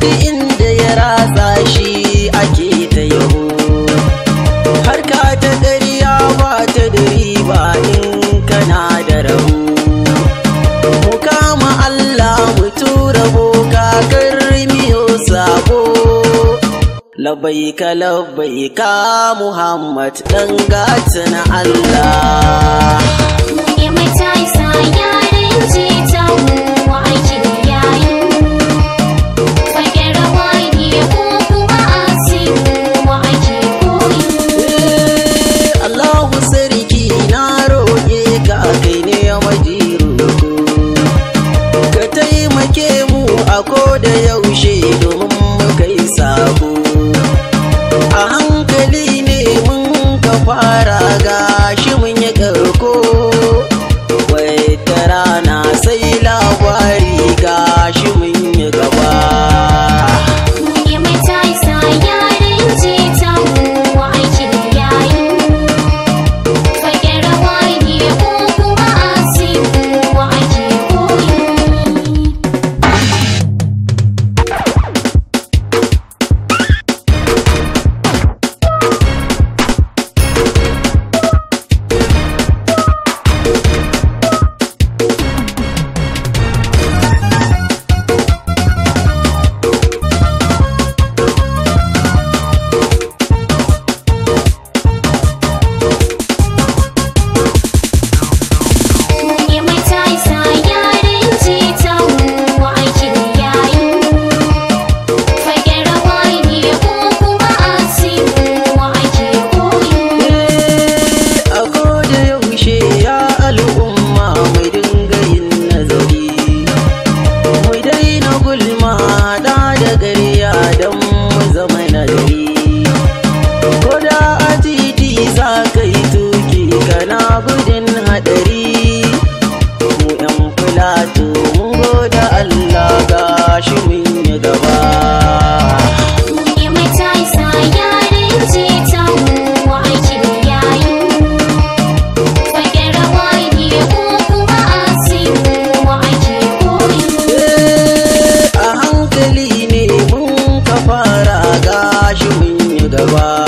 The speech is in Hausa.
duk inda ya ratsa shi ake ta yaho harka ta ƙarya ba ta da riba in kana da rabu mu kama Allah mu tura boka miyo sabo labbaika labbaika Muhammad ɗan gata na Allah ko da yaushe Baba.